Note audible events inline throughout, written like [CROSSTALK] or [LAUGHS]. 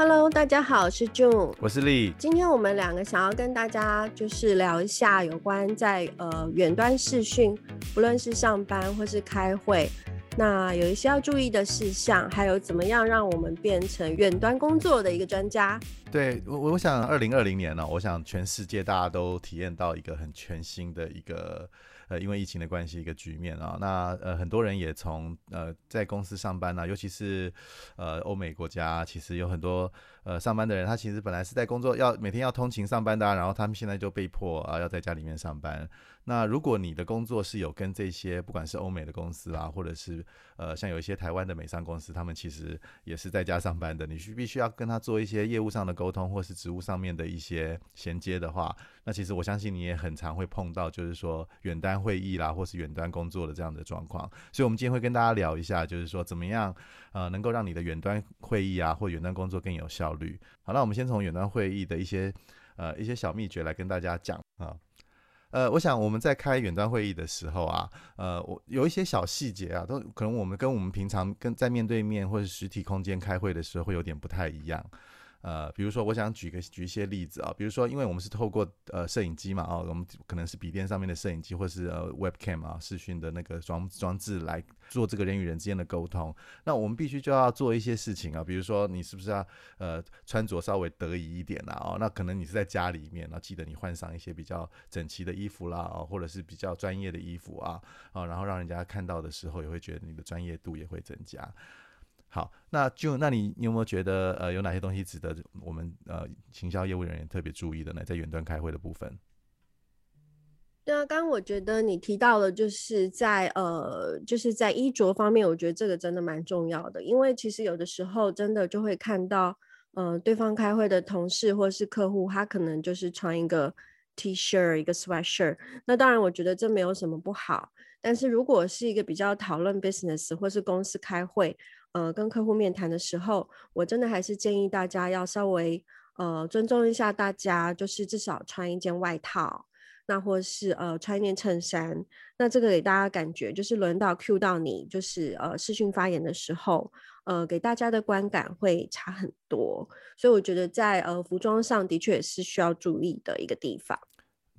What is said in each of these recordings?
Hello，大家好，是我是 June，我是立。今天我們兩個想要跟大家就是聊一下有關在呃遠端視訊，不論是上班或是開會，那有一些要注意的事項，還有怎麼樣讓我們變成遠端工作的一個專家。對我，我想二零二零年呢、喔，我想全世界大家都體驗到一個很全新的一個。呃，因為疫情的關係，一個局面啊，哦，那呃，很多人也從呃在公司上班啊，尤其是呃歐美國家，啊，其實有很多呃上班的人，他其實本來是在工作要，要每天要通勤上班的，啊，然後他們現在就被迫啊，要在家裡面上班。那如果你的工作是有跟這些不管是歐美的公司啊，或者是呃像有一些台灣的美商公司，他們其實也是在家上班的，你需必須要跟他做一些業務上的溝通，或是職務上面的一些銜接的話，那其實我相信你也很常會碰到，就是說，遠端會議啦，或是遠端工作的這樣的狀況。所以，我們今天會跟大家聊一下，就是說，怎麼樣呃能夠讓你的遠端會議啊，或遠端工作更有效率。好，那我們先從遠端會議的一些呃一些小秘訣來跟大家講啊。呃，我想我們在開遠端會議的時候啊，呃，我有一些小細節啊，都可能我們跟我們平常跟在面對面或者實體空間開會的時候會有點不太一樣。呃，比如說，我想舉個舉一些例子啊、哦，比如說，因為我們是透過呃攝影機嘛，啊、哦，我們可能是筆電上面的攝影機，或是是、呃、Webcam 啊視訊的那個裝裝置來做這個人與人之間的溝通，那我們必須就要做一些事情啊，比如說你是不是要呃穿着稍微得宜一點啦、啊，哦，那可能你是在家裡面，那記得你換上一些比較整齊的衣服啦、哦，或者是比較專業的衣服啊，啊、哦，然後讓人家看到的時候也會覺得你的專業度也會增加。好，那就那你你有沒有覺得呃，有哪些東西值得我們呃行銷業務人員也特別注意的呢？在遠端開會的部分。對啊，剛剛我覺得你提到了，就是在呃，就是在衣着方面，我覺得這個真的蠻重要的，因為其實有的時候真的就會看到，嗯、呃，對方開會的同事或是客戶，他可能就是穿一個 T-shirt，一個 sweatshirt。那當然，我覺得這沒有什麼不好，但是如果是一個比較討論 business 或是公司開會，呃，跟客戶面談的時候，我真的還是建議大家要稍微呃尊重一下大家，就是至少穿一件外套，那或是呃穿一件襯衫。那這個給大家感覺就是輪到 Q 到你，就是呃視訊發言的時候，呃給大家的觀感會差很多。所以我覺得在呃服裝上的確也是需要注意的一個地方。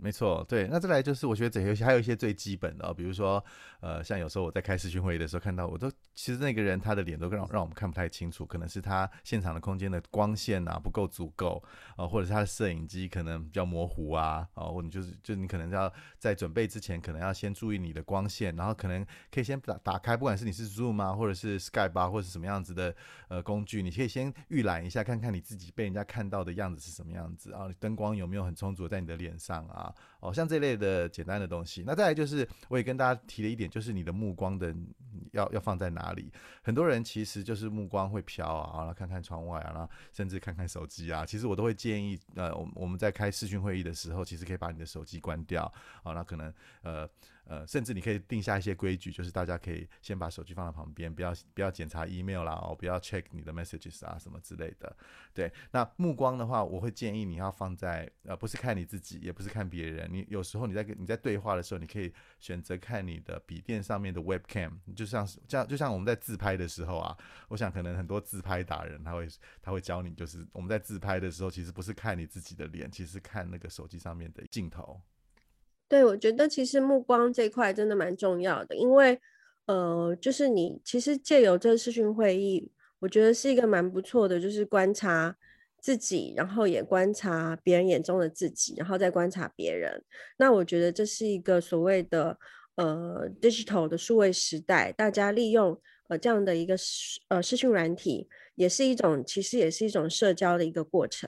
沒錯，對，那再來就是我覺得這些還有一些最基本的、哦，比如說，呃，像有時候我在開視訊會議的時候看到，我都其實那個人他的臉都讓讓我們看不太清楚，可能是他現場的空間的光線啊不夠足夠啊，或者是他的攝影機可能比較模糊啊，哦、啊，或者你就是就你可能要在準備之前可能要先注意你的光線，然後可能可以先打打開，不管是你是 Zoom 啊，或者是 Skype 啊，或者是什麼樣子的呃工具，你可以先預覽一下，看看你自己被人家看到的樣子是什麼樣子啊，燈光有沒有很充足在你的臉上啊。哦，像這類的簡單的東西，那再來就是，我也跟大家提了一點，就是你的目光的要要放在哪裡。很多人其實就是目光會飄啊，啊，然後看看窗外啊，啊，然後甚至看看手機啊。其實我都會建議，呃，我我們在開視訊會議的時候，其實可以把你的手機關掉。好，啊，那，啊，可能呃。呃，甚至你可以定下一些規矩，就是大家可以先把手機放在旁邊，不要不要檢查 email 啦，哦，不要 check 你的 messages 啊，什麼之類的。對，那目光的話，我會建議你要放在呃，不是看你自己，也不是看別人。你有時候你在跟你在對話的時候，你可以選擇看你的筆電上面的 webcam，就像是這樣。就像我們在自拍的時候啊，我想可能很多自拍達人他會他會教你，就是我們在自拍的時候，其實不是看你自己的臉，其實看那個手機上面的鏡頭。對，我覺得其實目光這塊真的蠻重要的，因為，呃，就是你其實借由這個視訊會議，我覺得是一個蠻不錯的，就是觀察自己，然後也觀察別人眼中的自己，然後再觀察別人。那我覺得這是一個所謂的呃，digital 的數位時代，大家利用呃這樣的一個呃視訊軟體，也是一種其實也是一種社交的一個過程，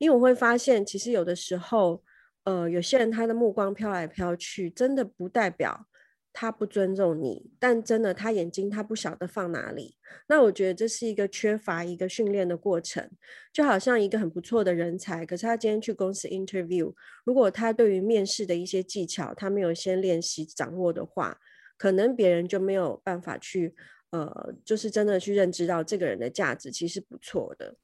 因為我會發現，其實有的時候。呃，有些人他的目光飄來飄去，真的不代表他不尊重你，但真的他眼睛他不曉得放哪裡。那我覺得這是一個缺乏一個訓練的過程，就好像一個很不錯的人才，可是他今天去公司 interview，如果他對於面試的一些技巧他沒有先練習掌握的話，可能別人就沒有辦法去呃，就是真的去認知到這個人的價值其實不錯的。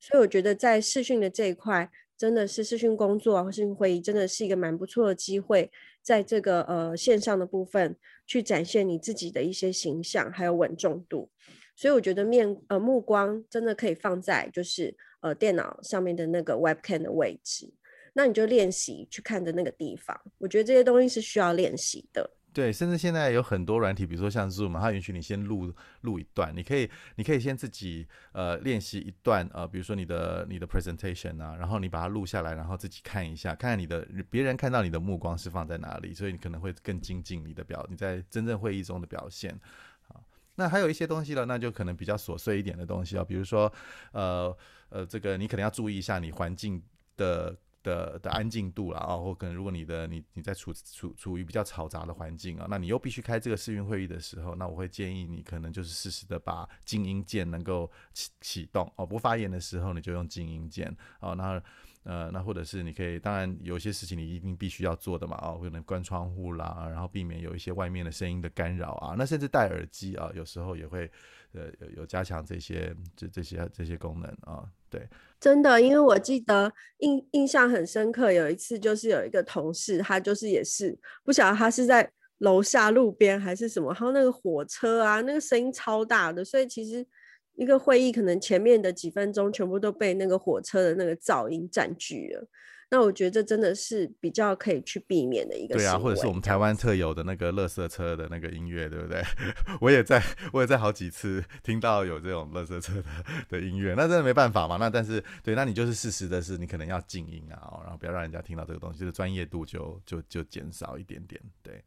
所以我覺得在視訊的這一塊。真的是視訊工作啊，或視訊會議真的是一個蠻不錯的機會，在這個呃線上的部分去展現你自己的一些形象還有穩重度，所以我覺得面呃目光真的可以放在就是呃電腦上面的那個 webcam 的位置，那你就練習去看的那個地方，我覺得這些東西是需要練習的。對，甚至現在有很多軟體，比如說像 Zoom，它允許你先錄錄一段，你可以你可以先自己呃練習一段啊，呃，比如說你的你的 presentation 啊，然後你把它錄下來，然後自己看一下，看看你的別人看到你的目光是放在哪裡，所以你可能會更精進你的表你在真正會議中的表現。好，那還有一些東西了，那就可能比較瑣碎一點的東西啊，比如說呃呃，這個你可能要注意一下你環境的。的的安靜度啦，啊、哦，或可能如果你的你你在處處處於比較嘈雜的環境啊、哦，那你又必須開這個視訊會議的時候，那我會建議你可能就是適時的把靜音鍵能夠啟啟動哦，不發言的時候你就用靜音鍵哦，那。呃，那或者是你可以，當然有些事情你一定必須要做的嘛，哦，可能關窗戶啦，啊，然後避免有一些外面的聲音的干擾啊，那甚至戴耳機啊，有時候也會，呃，有有加強這些這這些這些功能啊，哦，對，真的，因為我記得印印象很深刻，有一次就是有一個同事，他就是也是不曉得他是在樓下路邊還是什麼，還有那個火車啊，那個聲音超大的，所以其實。一個會議可能前面的幾分鐘全部都被那個火車的那個噪音佔據了，那我覺得這真的是比較可以去避免的一個。對啊，或者是我們台灣特有的那個垃圾車的那個音樂，對不對？ [LAUGHS] 我也在，我也在好幾次聽到有這種垃圾車的的音樂，那真的沒辦法嘛？那但是，對，那你就是事實的是，你可能要靜音啊、哦，然後不要讓人家聽到這個東西，就是專業度就就就減少一點點，對。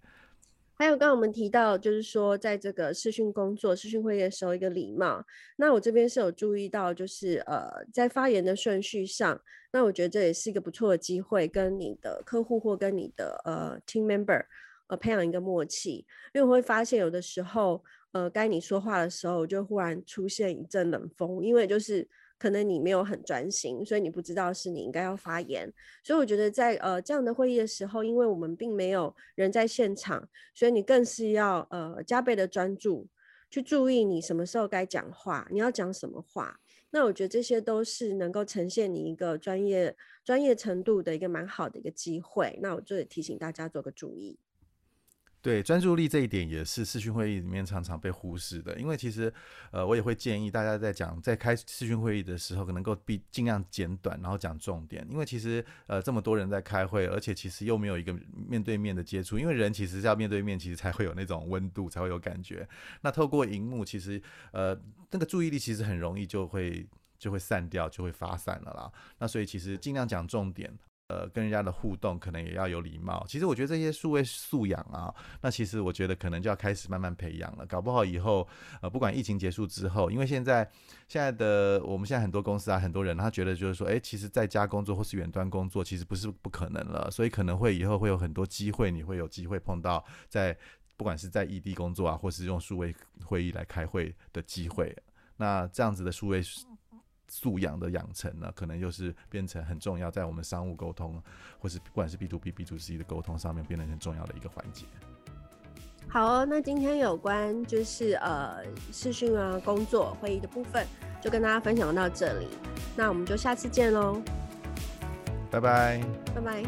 還有，剛剛我們提到，就是說，在這個視訊工作、視訊會議的時候，一個禮貌。那我這邊是有注意到，就是呃，在發言的順序上，那我覺得這也是一個不錯的機會，跟你的客戶或跟你的呃 team member 呃培養一個默契。因為我會發現，有的時候呃該你說話的時候，就忽然出現一陣冷風，因為就是。可能你沒有很專心，所以你不知道是你應該要發言。所以我覺得在呃這樣的會議的時候，因為我們並沒有人在現場，所以你更是要呃加倍的專注，去注意你什麼時候該講話，你要講什麼話。那我覺得這些都是能夠呈現你一個專業專業程度的一個蠻好的一個機會。那我就得提醒大家做個注意。對，專注力這一點也是視訊會議裡面常常被忽視的，因為其實，呃，我也會建議大家在講，在開視訊會議的時候，可能夠必盡量簡短，然後講重點。因為其實，呃，這麼多人在開會，而且其實又沒有一個面對面的接觸，因為人其實要面對面，其實才會有那種溫度，才會有感覺。那透過螢幕，其實，呃，那個注意力其實很容易就會就會散掉，就會發散了啦。那所以其實盡量講重點。呃，跟人家的互動可能也要有禮貌。其實我覺得這些數位素養啊，那其實我覺得可能就要開始慢慢培養了。搞不好以後，呃，不管疫情結束之後，因為現在現在的我們現在很多公司啊，很多人他覺得就是說，哎、欸，其實在家工作或是遠端工作其實不是不可能了。所以可能會以後會有很多機會，你會有機會碰到在不管是在異地工作啊，或是用數位會議來開會的機會。那這樣子的數位。素養的養成呢，可能又是變成很重要，在我們商務溝通，或是不管是 B to B、B to C 的溝通上面，變得很重要的一個環節。好哦，那今天有關就是呃，視訊啊、工作會議的部分，就跟大家分享到這裡。那我們就下次見嘍，拜拜，拜拜。